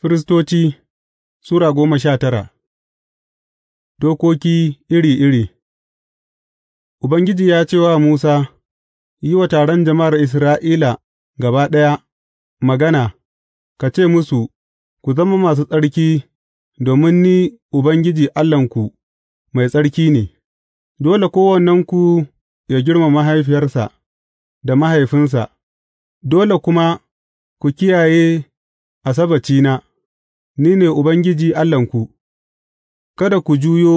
Firistoci Sura goma sha tara Dokoki iri iri Ubangiji ya ce wa Musa, Yi wa taron jama'ar Isra'ila gaba ɗaya magana, ka ce musu, Ku zama masu tsarki, domin ni Ubangiji Allahnku mai tsarki ne, dole kowannenku ya girmama mahaifiyarsa da mahaifinsa, dole kuma ku kiyaye Asabbacina Ni ne Ubangiji Allahnku; kada ku juyo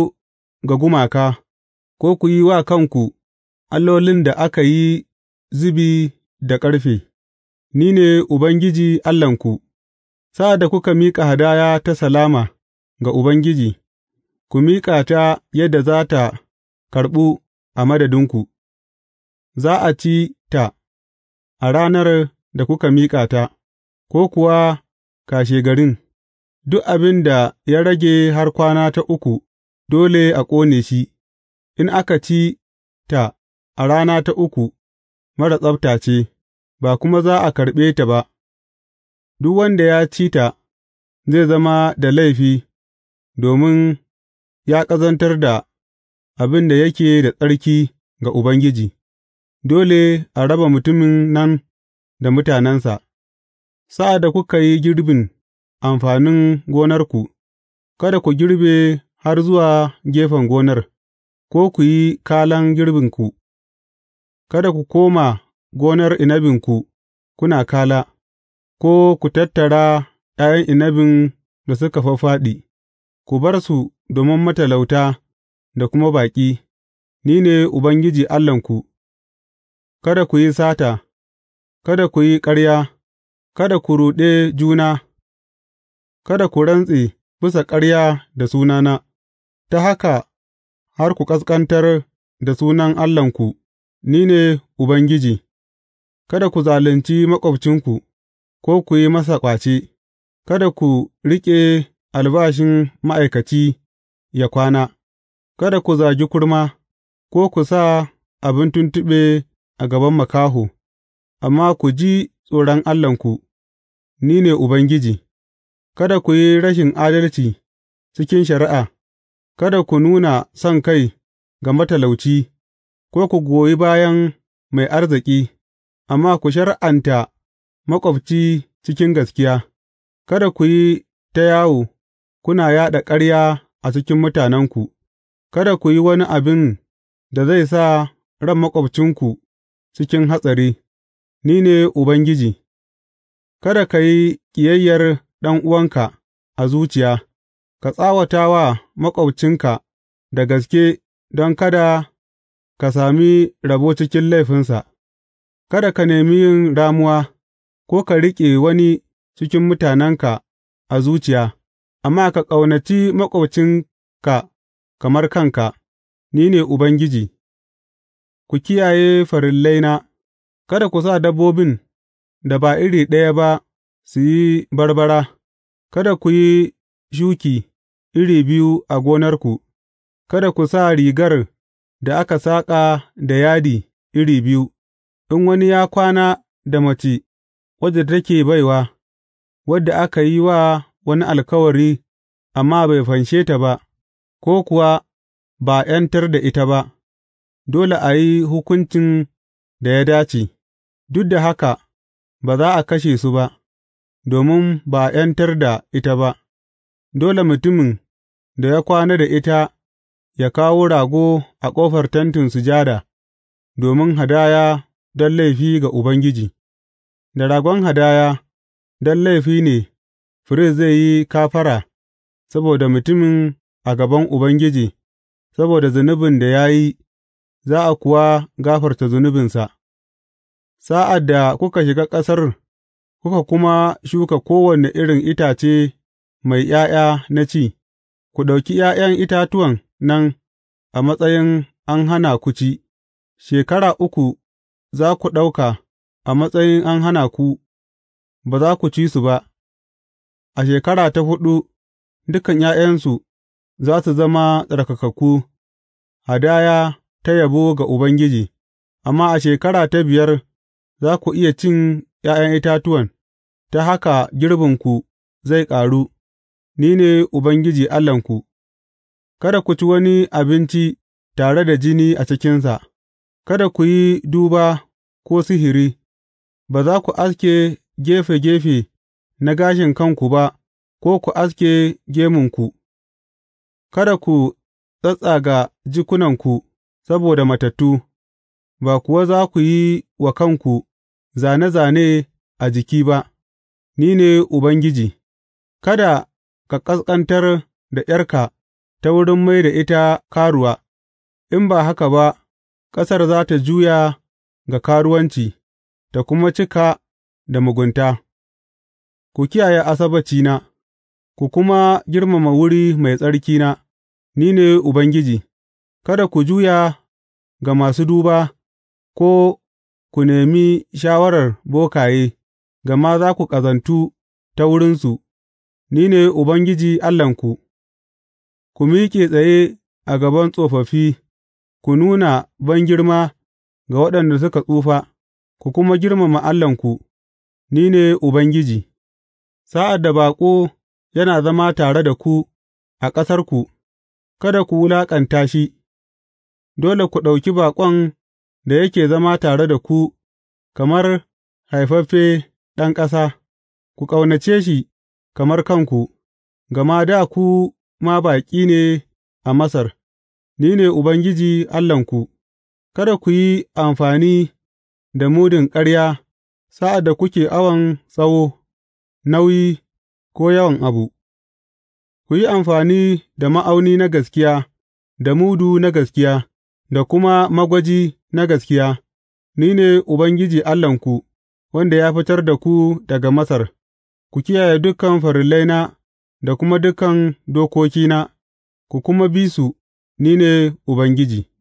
ga gumaka, ko ku yi wa kanku allolin da aka yi zubi da ƙarfe; Ni ne Ubangiji Allahnku, sa'ad da kuka miƙa hadaya ta salama ga Ubangiji, ku miƙa ta yadda za ta karɓu a madadinku, za a ci ta a ranar da kuka miƙa ta, ko kuwa. kashegarin, duk abin da ya rage har kwana ta uku dole a ƙone shi, in aka ci ta a rana ta uku, mara tsabta ce, ba kuma za a karɓe ta ba, duk wanda ya ci ta zai zama da laifi domin ya ƙazantar da abin da yake da tsarki ga Ubangiji, dole a raba mutumin nan da mutanensa. Sa'ad da kuka yi girbin amfanin gonarku, kada ku girbe har zuwa gefen gonar, ko ku yi kalan girbinku, kada ku koma gonar inabinku kuna kala, ko ku tattara ’ya'yan inabin da suka fāffāɗi, ku bar su domin matalauta da kuma baƙi, ni ne Ubangiji Allahnku, kada ku yi sata, kada ku yi ƙarya. Kada ku ruɗe juna, kada ku rantse bisa ƙarya da sunana, ta haka har ku ƙasƙantar da sunan Allahnku, ni ne Ubangiji; kada ku zalunci maƙwabcinku, ko ku yi masa ƙwace, kada ku riƙe albashin ma'aikaci ya kwana, kada ku zagi kurma, ko ku sa abin tuntuɓe a gaban makaho, amma ku ji tsoron Allahnku. Ni ne Ubangiji; kada ku yi rashin adalci cikin shari'a, kada ku nuna son kai ga matalauci, ko ku goyi bayan mai arziki, amma ku shari'anta maƙwabci cikin gaskiya; kada ku yi ta yawo kuna yaɗa ƙarya a cikin mutanenku, kada ku yi wani abin da zai sa ran maƙwabcinku cikin hatsari, Ni ne Ubangiji. Kada ka yi ƙiyayyar ɗan'uwanka a zuciya; ka tsawata wa maƙwabcinka da gaske don kada ka sami rabo cikin laifinsa; kada ka nemi yin ramuwa ko ka riƙe wani cikin mutanenka a zuciya, amma ka ƙaunaci maƙwabcinka kamar kanka, Ni ne Ubangiji, ku kiyaye farillaina, kada ku sa dabbobin. da ba iri ɗaya ba su yi barbara, kada ku yi shuki iri biyu a gonarku, kada ku sa rigar da aka saƙa da yadi iri biyu, in wani ya kwana da mace wadda take baiwa, wadda aka yi wa wani alkawari amma bai fanshe ta ba, ko kuwa ba ’yantar da ita ba, dole a yi hukuncin da ya dace, duk da haka. ba za a kashe su ba, domin ba a ’yantar da ita ba, dole mutumin da ya kwana da ita ya kawo rago a ƙofar Tentin Sujada domin hadaya don laifi ga Ubangiji, da ragon hadaya don laifi ne firist zai yi kafara saboda mutumin a gaban Ubangiji saboda zunubin da ya yi, za a kuwa gafarta zunubinsa. sa'ad da kuka shiga ƙasar kuka kuma shuka kowane irin itace mai ’ya'ya na ci, ku ɗauki ’ya'yan itatuwan nan a matsayin an hana ku ci, shekara uku za ku ɗauka a matsayin an hana ku, ba za ku ci su ba, a shekara ta huɗu dukan ’ya'yansu za su zama tsarkakakku, hadaya ta yabo ga Ubangiji, amma a shekara ta biyar za ku iya cin ’ya'yan itatuwan, ta haka girbinku zai ƙaru, ni ne Ubangiji Allahnku, kada ku ci wani abinci tare da jini a cikinsa, kada ku yi duba ko sihiri, ba za ku aske gefe gefe na gashin kanku ba ko ku aske gemunku, kada ku tsattsaga jikunanku saboda matattu, ba kuwa za ku yi wa kanku zāne zāne a jiki ba, ni ne Ubangiji, kada ka ƙasƙantar da ’yarka ta wurin mai da ita karuwa, in ba haka ba, ƙasar za ta juya ga karuwanci, ta kuma cika da mugunta. Ku kiyaye na, ku kuma girmama wuri mai tsarkina, ni ne Ubangiji, kada ku juya ga masu duba ko ku nemi shawarar bokaye, gama za ku ƙazantu ta wurinsu, ni ne Ubangiji Allahnku, ku miƙe tsaye a gaban tsofaffi, ku nuna bangirma ga waɗanda suka tsufa, ku kuma girmama Allahnku, ni ne Ubangiji, sa'ad da baƙo yana zama tare da ku a ƙasarku, kada ku wulaƙanta shi, dole ku ɗauki baƙon da yake zama tare da ku kamar haifaffe ɗan ƙasa, ku ƙaunace shi kamar kanku, gama da ku ma baƙi ne a Masar, ni ne Ubangiji Allahnku, kada ku yi amfani da mudun ƙarya sa'ad da kuke awon tsawo, nauyi ko yawan abu, ku yi amfani da ma'auni na gaskiya, da mudu na gaskiya, da kuma magwaji na gaskiya, ni ne Ubangiji Allahnku, wanda ya fitar da ku daga Masar, ku kiyaye dukan farillaina da kuma dukan dokokina, ku kuma bi su, ni ne Ubangiji.